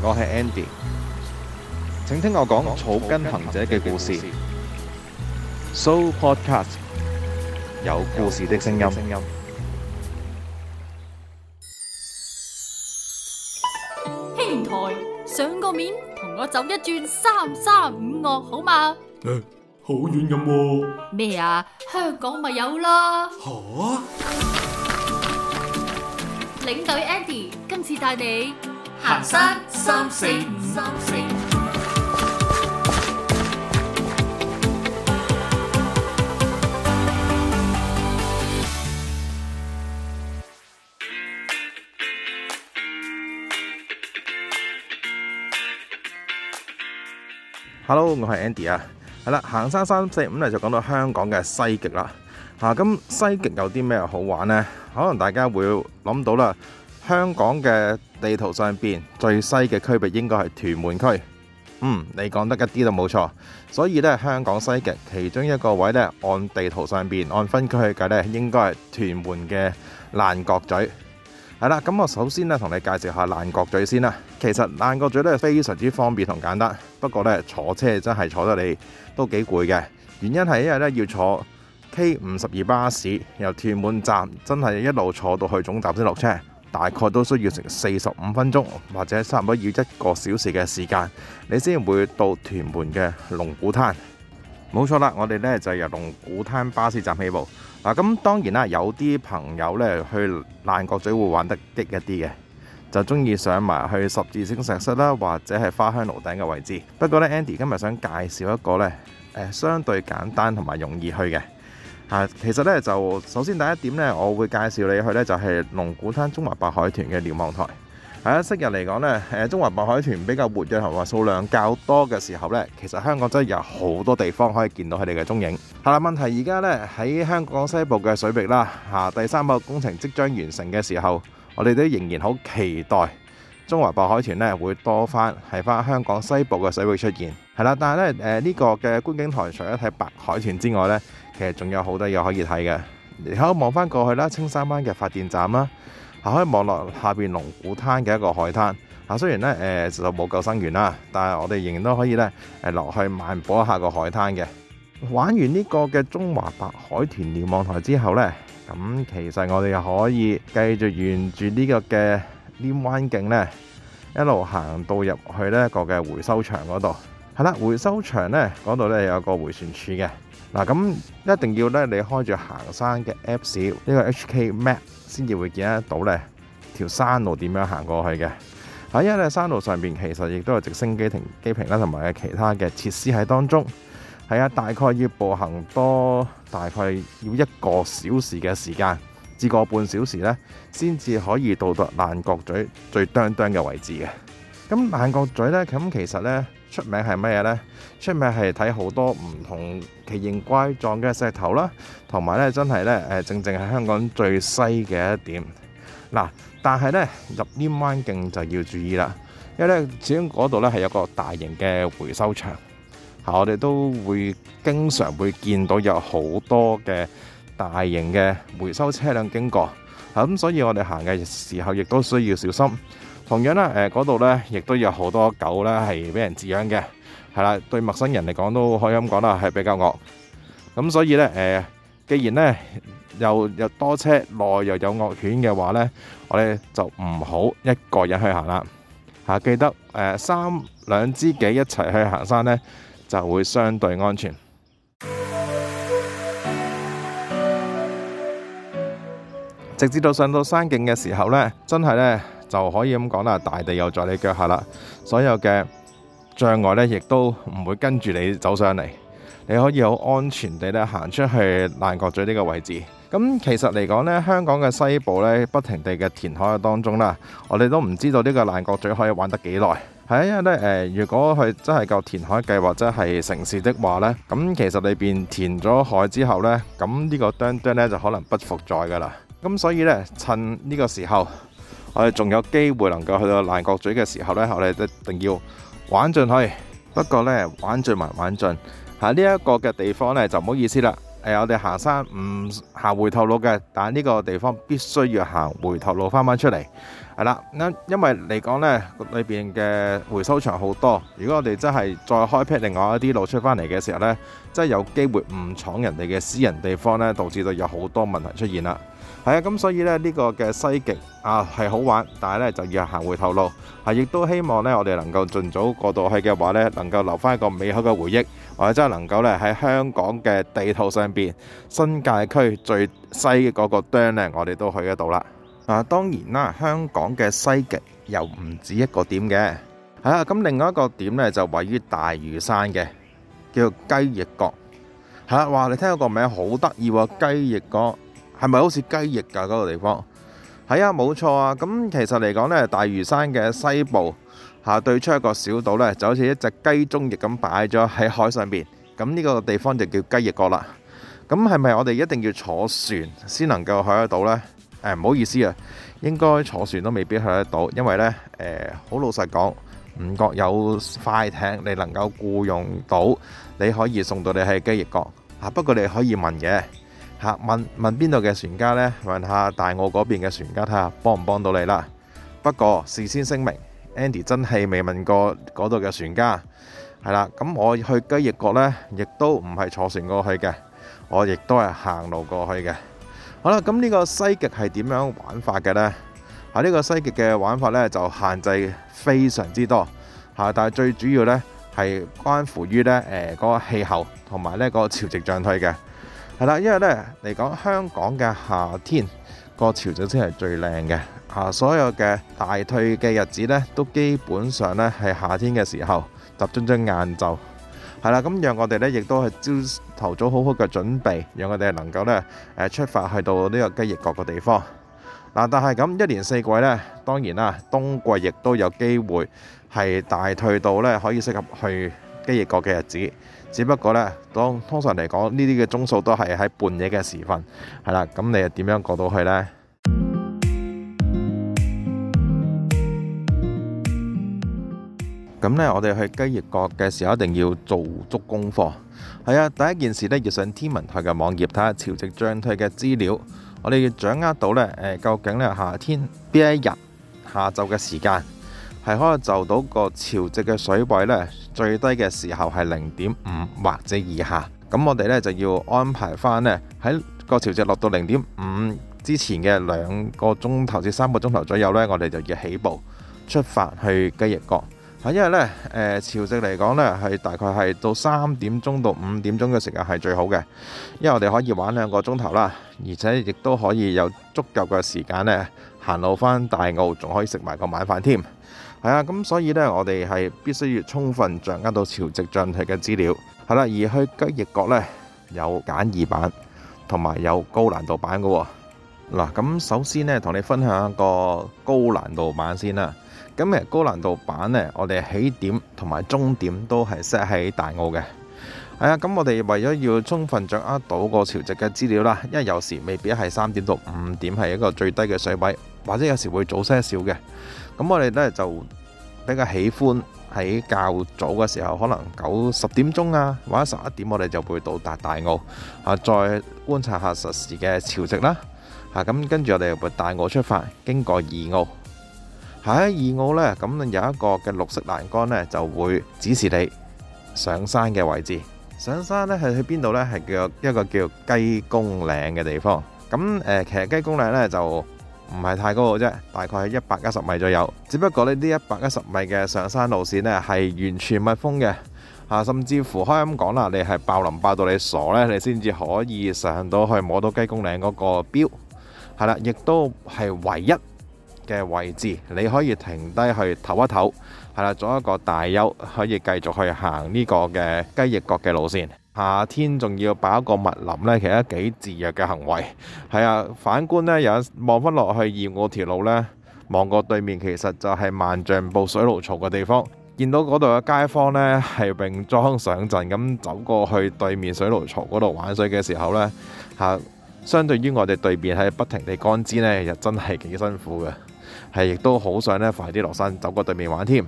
我係 Andy，請聽我講草根行者嘅故事。So podcast 有故事的聲音。兄台，上個面同我走一轉三三五岳好嘛？誒，好遠咁？咩啊？香港咪有啦？好啊！領隊 Andy 今次帶你。行山三四五,三四 Hello，我係 Andy 啊，係啦，行山三四五咧就講到香港嘅西極啦。啊，咁西極有啲咩好玩咧？可能大家會諗到啦。香港嘅地圖上邊最西嘅區域應該係屯門區。嗯，你講得一啲都冇錯，所以呢，香港西嘅其中一個位呢，按地圖上邊按分區計呢，應該係屯門嘅爛角咀。係啦，咁我首先呢，同你介紹下爛角咀先啦。其實爛角咀呢，非常之方便同簡單，不過呢，坐車真係坐得你都幾攰嘅。原因係因為呢，要坐 K 五十二巴士由屯門站真係一路坐到去總站先落車。大概都需要成四十五分鐘，或者差唔多要一個小時嘅時間，你先會到屯門嘅龍鼓灘。冇錯啦，我哋呢就由龍鼓灘巴士站起步。嗱，咁當然啦，有啲朋友呢去爛角咀會玩得激一啲嘅，就中意上埋去十字星石室啦，或者係花香爐頂嘅位置。不過呢 Andy 今日想介紹一個呢，相對簡單同埋容易去嘅。啊，其實咧就首先第一點咧，我會介紹你去咧就係龍鼓灘中華白海豚嘅瞭望台。係啊，昔日嚟講咧，誒中華白海豚比較活躍同埋數量較多嘅時候咧，其實香港真係有好多地方可以見到佢哋嘅蹤影。係啦，問題而家咧喺香港西部嘅水域啦，啊第三個工程即將完成嘅時候，我哋都仍然好期待中華白海豚咧會多翻喺翻香港西部嘅水域出現。係啦，但係咧誒呢個嘅觀景台除咗睇白海豚之外咧。其實仲有好多嘢可以睇嘅，你睇望翻過去啦，青山灣嘅發電站啦、啊，可以望落下邊龍鼓灘嘅一個海灘，啊雖然咧誒就冇救生員啦，但係我哋仍然都可以咧誒落去漫步一下個海灘嘅。玩完呢個嘅中華白海豚瞭望台之後呢，咁其實我哋又可以繼續沿住呢個嘅稔灣徑呢一路行到入去呢一個嘅回收場嗰度，係啦，回收場呢嗰度呢有一個回旋處嘅。嗱咁一定要咧，你開住行山嘅 Apps，呢個 HK Map 先至會見得到咧，條山路點樣行過去嘅。因為呢，山路上邊，其實亦都有直升機停機坪啦，同埋其他嘅設施喺當中。係啊，大概要步行多，大概要一個小時嘅時間，至個半小時呢，先至可以到達爛角咀最端端嘅位置嘅。咁爛角咀呢，咁其實呢。出名係乜嘢咧？出名係睇好多唔同奇形怪狀嘅石頭啦，同埋咧真係咧誒，正正係香港最西嘅一點。嗱，但係咧入呢彎徑就要注意啦，因為咧始終嗰度咧係有個大型嘅回收場，嚇我哋都會經常會見到有好多嘅大型嘅回收車輛經過，咁所以我哋行嘅時候亦都需要小心。同樣啦，誒嗰度呢亦都有好多狗咧，係俾人飼養嘅，係啦，對陌生人嚟講都可以咁講啦，係比較惡。咁所以呢，誒，既然呢又又多車，內又有惡犬嘅話呢，我咧就唔好一個人去行啦。嚇、啊，記得三兩知己一齊去行山呢，就會相對安全。直至到上到山徑嘅時候呢，真係呢。就可以咁講啦，大地又在你腳下啦，所有嘅障礙呢，亦都唔會跟住你走上嚟。你可以好安全地咧行出去爛角咀呢個位置。咁其實嚟講呢，香港嘅西部呢，不停地嘅填海當當中啦，我哋都唔知道呢個爛角咀可以玩得幾耐。係因為呢，誒，如果佢真係夠填海計劃真係成事的話呢，咁其實裏面填咗海之後呢，咁、這、呢個墩墩呢，就可能不復在噶啦。咁所以呢，趁呢個時候。我哋仲有機會能夠去到爛角咀嘅時候呢，我哋一定要玩進去。不過呢，玩進埋玩進喺呢一個嘅地方呢，就唔好意思啦。誒，我哋行山唔行回頭路嘅，但呢個地方必須要行回頭路翻返出嚟。係啦，因因為嚟講呢，裏邊嘅回收場好多。如果我哋真係再開闢另外一啲路出返嚟嘅時候呢，真係有機會誤闖人哋嘅私人地方呢，導致到有好多問題出現啦。係、這個、啊，咁所以呢呢個嘅西極啊係好玩，但係呢就要行回頭路，係、啊、亦都希望呢，我哋能夠盡早過到去嘅話呢，能夠留翻一個美好嘅回憶，或者真係能夠呢喺香港嘅地圖上邊，新界區最西嘅嗰個端。呢我哋都去得到啦。啊，當然啦，香港嘅西極又唔止一個點嘅，係啊，咁另外一個點呢，就位於大嶼山嘅，叫做雞翼角，係、啊、啦，哇，你聽到個名好得意喎，雞翼角。係咪好似雞翼㗎嗰個地方？係啊，冇錯啊。咁其實嚟講呢，大嶼山嘅西部嚇對出一個小島呢，就好似一隻雞中翼咁擺咗喺海上邊。咁呢個地方就叫雞翼角啦。咁係咪我哋一定要坐船先能夠去得到呢？誒唔好意思啊，應該坐船都未必去得到，因為咧誒好老實講，五角有快艇你能夠雇用到，你可以送到你去雞翼角嚇。不過你可以問嘅。吓，問問邊度嘅船家呢？問下大澳嗰邊嘅船家睇下，看看幫唔幫到你啦？不過事先聲明，Andy 真係未問過嗰度嘅船家，係啦。咁我去雞翼角呢，亦都唔係坐船過去嘅，我亦都係行路過去嘅。好啦，咁呢個西極係點樣玩法嘅呢？吓，呢個西極嘅玩法呢，就限制非常之多，吓，但係最主要呢，係關乎於呢誒嗰、呢個氣候同埋呢、呢個潮汐漲退嘅。係啦，因為咧嚟講，香港嘅夏天個潮漲先係最靚嘅啊！所有嘅大退嘅日子咧，都基本上咧係夏天嘅時候，集中咗晏晝。係啦，咁讓我哋咧亦都係朝頭早好好嘅準備，讓我哋係能夠咧誒出發去到呢個雞翼角嘅地方。嗱，但係咁一年四季咧，當然啦，冬季亦都有機會係大退到咧可以適合去雞翼角嘅日子。只不過呢，當通常嚟講呢啲嘅鐘數都係喺半夜嘅時分，係啦，咁你又點樣過到去呢？咁呢，我哋去雞翼角嘅時候一定要做足功課。係、嗯、啊，第一件事呢，要上天文台嘅網頁睇下潮汐漲退嘅資料。我哋要掌握到呢，誒，究竟呢，夏天邊一日下晝嘅時間？係可以就到個潮汐嘅水位呢，最低嘅時候係零點五或者以下。咁我哋呢，就要安排返呢，喺個潮汐落到零點五之前嘅兩個鐘頭至三個鐘頭左右呢，我哋就要起步出發去雞翼角。係因為呢，誒潮汐嚟講呢係大概係到三點鐘到五點鐘嘅時間係最好嘅，因為我哋可以玩兩個鐘頭啦，而且亦都可以有足夠嘅時間呢，行路返大澳，仲可以食埋個晚飯添。係啊，咁所以呢，我哋係必須要充分掌握到潮汐進退嘅資料，係啦、啊。而去雞翼角呢，有簡易版，同埋有高難度版嘅、哦。嗱，咁首先呢，同你分享一個高難度版先啦。咁嘅高難度版呢，我哋起點同埋終點都係 set 喺大澳嘅。係啊，咁我哋為咗要充分掌握到個潮汐嘅資料啦，因為有時未必係三點到五點係一個最低嘅水位，或者有時會早些少嘅。咁我哋呢就比較喜歡喺較早嘅時候，可能九十點鐘啊，或者十一點，我哋就會到達大澳，啊，再觀察下實時嘅潮汐啦。啊，咁跟住我哋會大澳出發，經過二澳。喺二澳呢，咁有一個嘅綠色欄杆呢，就會指示你上山嘅位置。上山呢係去邊度呢？係叫做一個叫雞公嶺嘅地方。咁誒，其實雞公嶺呢就～唔係太高嘅啫，大概係一百一十米左右。只不過呢啲一百一十米嘅上山路線呢係完全密封嘅。吓、啊，甚至乎可以咁講啦，你係爆林爆到你傻呢，你先至可以上到去摸到雞公嶺嗰個標係啦，亦都係唯一嘅位置，你可以停低去唞一唞係啦，做一個大休，可以繼續去行呢個嘅雞翼角嘅路線。夏天仲要擺一個密林呢，其實幾自虐嘅行為。係啊，反觀呢，有望返落去沿條路呢，望過對面其實就係萬丈布水澇漕嘅地方，見到嗰度嘅街坊呢，係泳裝上陣咁走過去對面水澇漕嗰度玩水嘅時候呢，嚇、啊，相對於我哋對面係不停地乾支呢，又真係幾辛苦嘅，係亦都好想呢，快啲落山，走過對面玩添。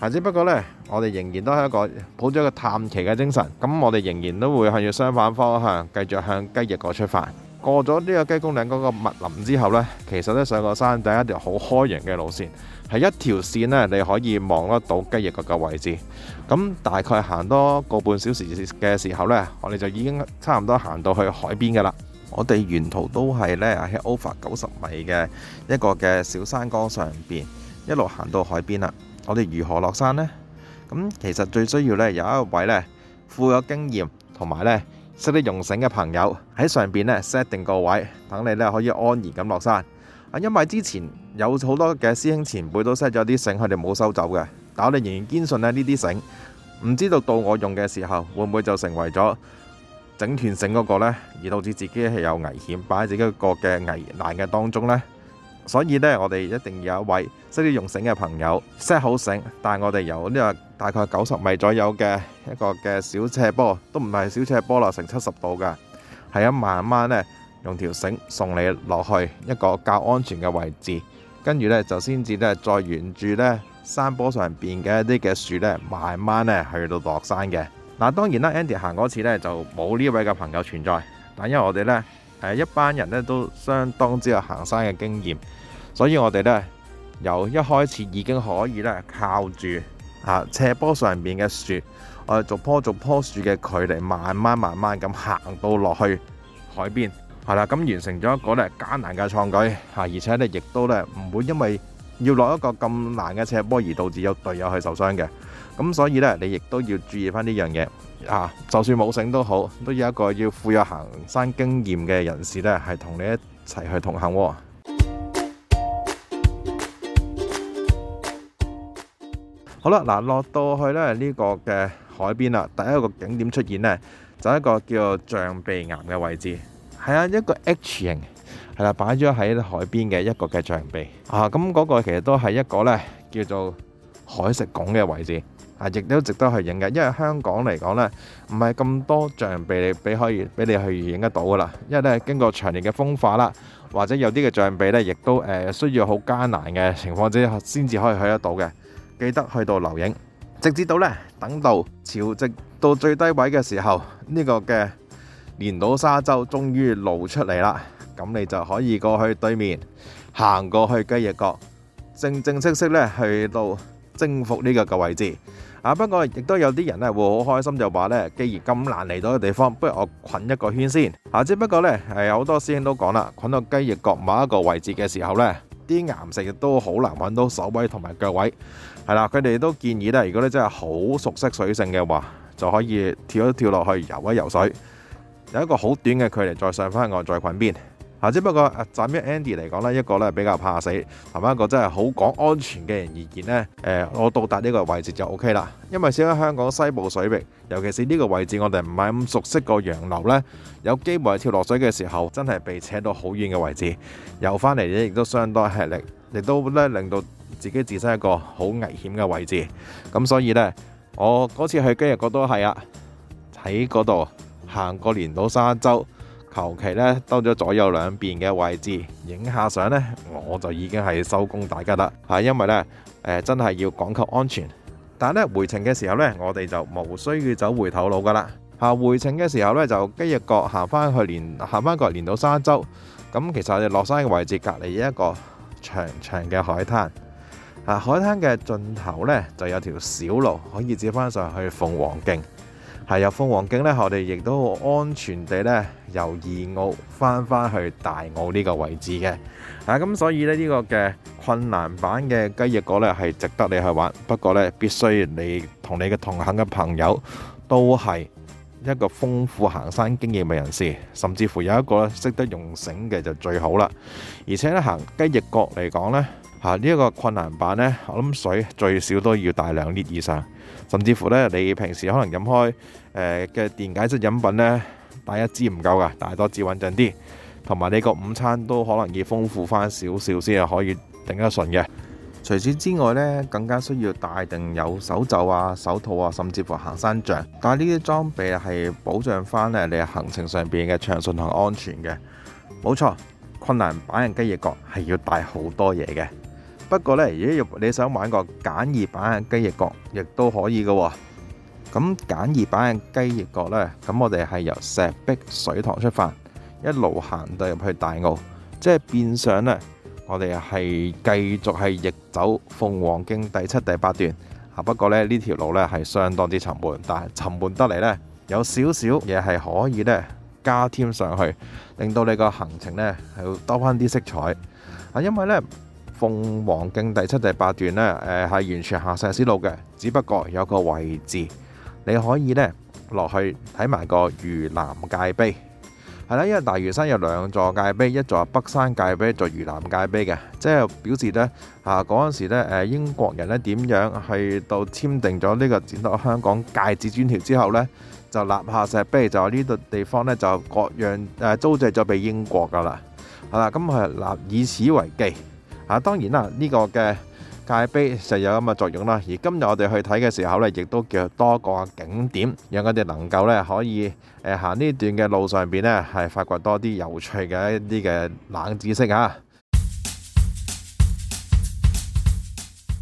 但只不過呢，我哋仍然都係一個抱咗一個探奇嘅精神，咁我哋仍然都會向住相反方向繼續向雞翼角出發。過咗呢個雞公嶺嗰個密林之後呢，其實呢，上個山頂一條好開揚嘅路線，係一條線呢，你可以望得到雞翼角嘅位置。咁大概行多個半小時嘅時候呢，我哋就已經差唔多行到去海邊噶啦。我哋沿途都係呢，喺 over 九十米嘅一個嘅小山崗上邊，一路行到海邊啦。我哋如何落山呢？咁其實最需要呢，有一位呢富有經驗同埋呢識得用繩嘅朋友喺上邊呢 set 定個位，等你呢可以安然咁落山。啊，因為之前有好多嘅師兄前輩都 set 咗啲繩，佢哋冇收走嘅。但係我哋仍然堅信呢呢啲繩，唔知道到我用嘅時候，會唔會就成為咗整斷繩嗰個呢，而導致自己係有危險，擺喺自己一個嘅危難嘅當中呢。所以咧，我哋一定要有一位識得用繩嘅朋友 set 好繩，但係我哋有呢個大概九十米左右嘅一個嘅小斜坡，都唔係小斜坡，落成七十度㗎。係啊，慢慢咧用條繩送你落去一個較安全嘅位置，跟住咧就先至咧再沿住咧山坡上面嘅一啲嘅樹咧，慢慢咧去到落山嘅。嗱，當然啦，Andy 行嗰次咧就冇呢位嘅朋友存在，但因為我哋咧誒一班人咧都相當之有行山嘅經驗。所以我哋咧由一開始已經可以咧靠住啊斜坡上面嘅樹，我哋逐棵逐棵樹嘅距離，慢慢慢慢咁行到落去海邊，係啦，咁完成咗一個咧艱難嘅創舉，吓，而且咧亦都咧唔會因為要落一個咁難嘅斜坡而導致有隊友去受傷嘅，咁所以咧你亦都要注意翻呢樣嘢，啊，就算冇繩都好，都要一個要富有行山經驗嘅人士咧係同你一齊去同行。好啦，嗱，落到去咧呢個嘅海邊啦。第一個景點出現咧，就一個叫做象鼻岩嘅位置。係啊，一個 H 型係啦，擺咗喺海邊嘅一個嘅象鼻啊。咁嗰個其實都係一個咧叫做海蝕拱嘅位置啊，亦都值得去影嘅。因為香港嚟講咧，唔係咁多象鼻你俾可以俾你去影得到噶啦，因為咧經過長年嘅風化啦，或者有啲嘅象鼻咧，亦都誒需要好艱難嘅情況之下先至可以去得到嘅。記得去到留影，直至到呢，等到潮汐到最低位嘅時候，呢個嘅連島沙洲終於露出嚟啦。咁你就可以過去對面行過去雞翼角，正正式式呢去到征服呢個嘅位置。啊，不過亦都有啲人呢會好開心，就話呢既然咁難嚟到嘅地方，不如我捆一個圈先。啊，只不過呢，係好多師兄都講啦，捆到雞翼角某一個位置嘅時候呢，啲岩石亦都好難揾到手位同埋腳位。係啦，佢哋都建議咧，如果你真係好熟悉水性嘅話，就可以跳一跳落去遊一游水，有一個好短嘅距離再上返岸再困邊。嚇，只不過啊，站於 Andy 嚟講咧，一個咧比較怕死，同埋一個真係好講安全嘅人而言咧，誒，我到達呢個位置就 OK 啦。因為先喺香港西部水域，尤其是呢個位置，我哋唔係咁熟悉個洋流咧，有機會跳落水嘅時候，真係被扯到好遠嘅位置，遊返嚟咧亦都相當吃力，亦都咧令到。自己置身一個好危險嘅位置，咁所以呢，我嗰次去雞翼角都係啊，喺嗰度行過連島沙洲，求其呢兜咗左右兩邊嘅位置影下相呢，我就已經係收工大吉啦。係因為呢，誒、呃、真係要講求安全，但呢，回程嘅時候呢，我哋就無需要走回頭路噶啦。嚇回程嘅時候呢，就雞翼角行返去連行翻過連島沙洲，咁其實我哋落山嘅位置隔離一個長長嘅海灘。海灘嘅盡頭呢，就有條小路可以接返上去鳳凰徑。係由鳳凰徑呢，我哋亦都安全地呢，由二澳返返去大澳呢個位置嘅。啊，咁所以呢，呢個嘅困難版嘅雞翼角呢，係值得你去玩。不過呢，必須你同你嘅同行嘅朋友都係一個豐富行山經驗嘅人士，甚至乎有一個咧識得用繩嘅就最好啦。而且呢，行雞翼角嚟講呢。嚇呢一個困難版呢，我諗水最少都要帶兩 L 以上，甚至乎呢，你平時可能飲開嘅、呃、電解質飲品呢，帶一支唔夠噶，帶多支穩陣啲。同埋你個午餐都可能要豐富翻少少先係可以頂得順嘅。除此之外呢，更加需要帶定有手袖啊、手套啊，甚至乎行山杖。但係呢啲裝備係保障翻呢你行程上邊嘅暢順同安全嘅。冇錯，困難版人雞翼角係要帶好多嘢嘅。不過呢，如果你想玩個簡易版嘅雞翼角，亦都可以嘅喎。咁簡易版嘅雞翼角呢，咁我哋係由石壁水塘出發，一路行到入去大澳，即係變相呢，我哋係繼續係逆走鳳凰徑第七、第八段啊。不過呢，呢條路呢係相當之沉悶，但係沉悶得嚟呢，有少少嘢係可以呢加添上去，令到你個行程呢係多翻啲色彩啊，因為呢。《鳳凰徑》第七、第八段呢，誒係、呃、完全下石屎路嘅，只不過有個位置你可以呢落去睇埋個嶼南界碑係啦，因為大嶼山有兩座界碑，一座北山界碑，一座嶼南界碑嘅，即係表示呢啊嗰陣時咧，英國人呢點樣去到簽訂咗呢個《展拓香港界址專條》之後呢，就立下石碑，就喺呢度地方呢，就各樣誒、啊、租借咗俾英國噶啦，係啦，咁、嗯、係立以此為基。啊，當然啦，呢個嘅界碑就有咁嘅作用啦。而今日我哋去睇嘅時候咧，亦都叫多個景點，讓佢哋能夠咧可以誒行呢段嘅路上邊咧，係發掘多啲有趣嘅一啲嘅冷知識嚇。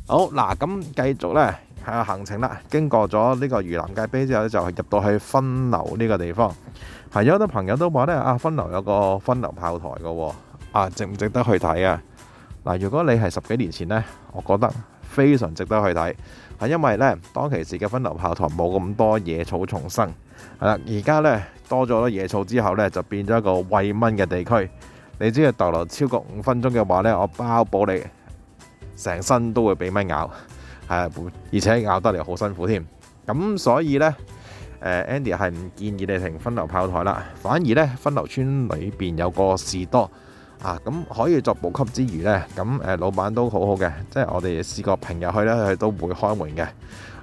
好嗱，咁繼續咧行行程啦。經過咗呢個魚南界碑之後咧，就入到去分流呢個地方。係有好多朋友都話咧啊，分流有個分流炮台嘅喎，啊，值唔值得去睇啊？嗱，如果你係十幾年前咧，我覺得非常值得去睇，係因為咧當其時嘅分流炮台冇咁多野草叢生，係啦，而家咧多咗野草之後咧，就變咗一個餵蚊嘅地區。你只要逗留超過五分鐘嘅話咧，我包保你成身都會俾蚊咬，係而且咬得嚟好辛苦添。咁所以咧，誒 Andy 係唔建議你停分流炮台啦，反而咧分流村裏邊有個士多。啊，咁可以作補給之餘呢，咁，誒老闆都好好嘅，即係我哋試過平日去呢，佢都會開門嘅。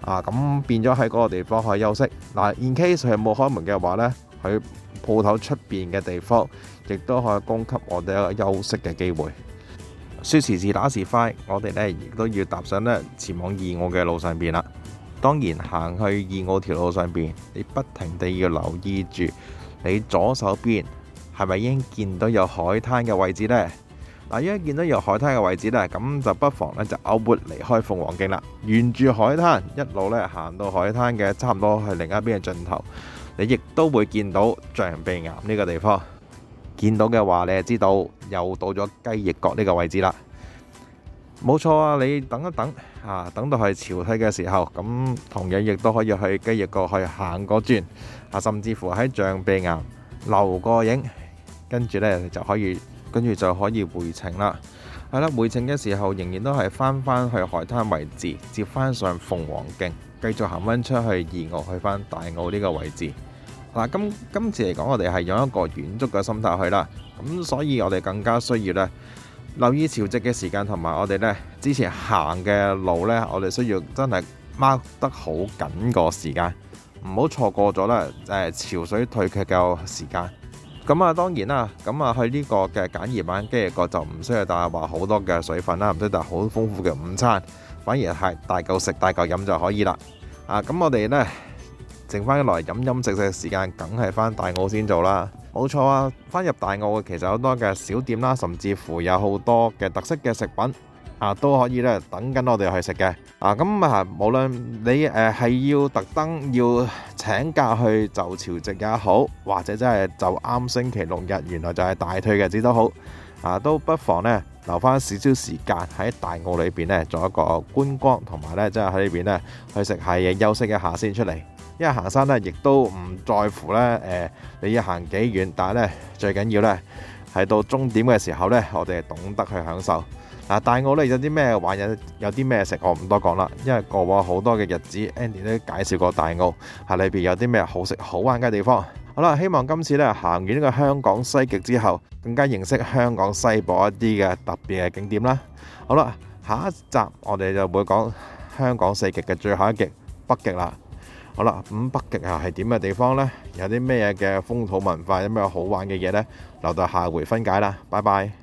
啊，咁變咗喺嗰個地方可以休息。嗱，in case 佢冇開門嘅話呢，喺鋪頭出邊嘅地方亦都可以供給我哋一個休息嘅機會。說時遲打時快，我哋呢亦都要踏上呢前往二澳嘅路上邊啦。當然行去二澳條路上邊，你不停地要留意住你左手邊。係咪已經見到有海灘嘅位置呢？嗱，一見到有海灘嘅位置呢，咁就不妨呢，就偶活離開鳳凰徑啦，沿住海灘一路呢，行到海灘嘅差唔多去另一邊嘅盡頭，你亦都會見到象鼻岩呢個地方。見到嘅話，你就知道又到咗雞翼角呢個位置啦。冇錯啊，你等一等啊，等到去潮退嘅時候，咁同樣亦都可以去雞翼角去行個轉啊，甚至乎喺象鼻岩留個影。跟住呢，就可以跟住就可以回程啦。係啦，回程嘅時候仍然都係翻返去海灘位置，接返上鳳凰徑，繼續行返出去二澳，去返大澳呢個位置。嗱，今今次嚟講，我哋係用一個遠足嘅心態去啦。咁所以，我哋更加需要呢，留意潮汐嘅時間，同埋我哋呢之前行嘅路呢，我哋需要真係 mark 得好緊個時間，唔好錯過咗啦。誒，潮水退卻嘅時間。咁啊，當然啦，咁啊去呢個嘅簡易版雞翼角就唔需要帶話好多嘅水分啦，唔需要帶好豐富嘅午餐，反而係大嚿食大嚿飲就可以啦。啊，咁我哋呢，剩返落嚟飲飲食食嘅時間，梗係返大澳先做啦。冇錯啊，返入大澳其實好多嘅小店啦，甚至乎有好多嘅特色嘅食品。啊都可以咧，等緊我哋去食嘅。啊咁啊，無論你誒係要特登要請假去就潮汐也好，或者真係就啱星期六日，原來就係大退嘅日子都好。啊都不妨咧留翻少少時間喺大澳裏邊咧做一個觀光，同埋呢即係喺裏邊咧去食下嘢，休息一下先出嚟。因為行山呢亦都唔在乎呢，誒、呃、你要行幾遠，但係呢最緊要呢，係到終點嘅時候呢，我哋懂得去享受。大澳咧，有啲咩玩嘢？有啲咩食，我唔多講啦，因為過往好多嘅日子，Andy 都介紹過大澳，喺裏邊有啲咩好食好玩嘅地方。好啦，希望今次咧行完呢個香港西極之後，更加認識香港西部一啲嘅特別嘅景點啦。好啦，下一集我哋就會講香港四極嘅最後一極北極啦。好啦，咁北極啊係點嘅地方呢？有啲咩嘅風土文化，有咩好玩嘅嘢呢？留到下回分解啦。拜拜。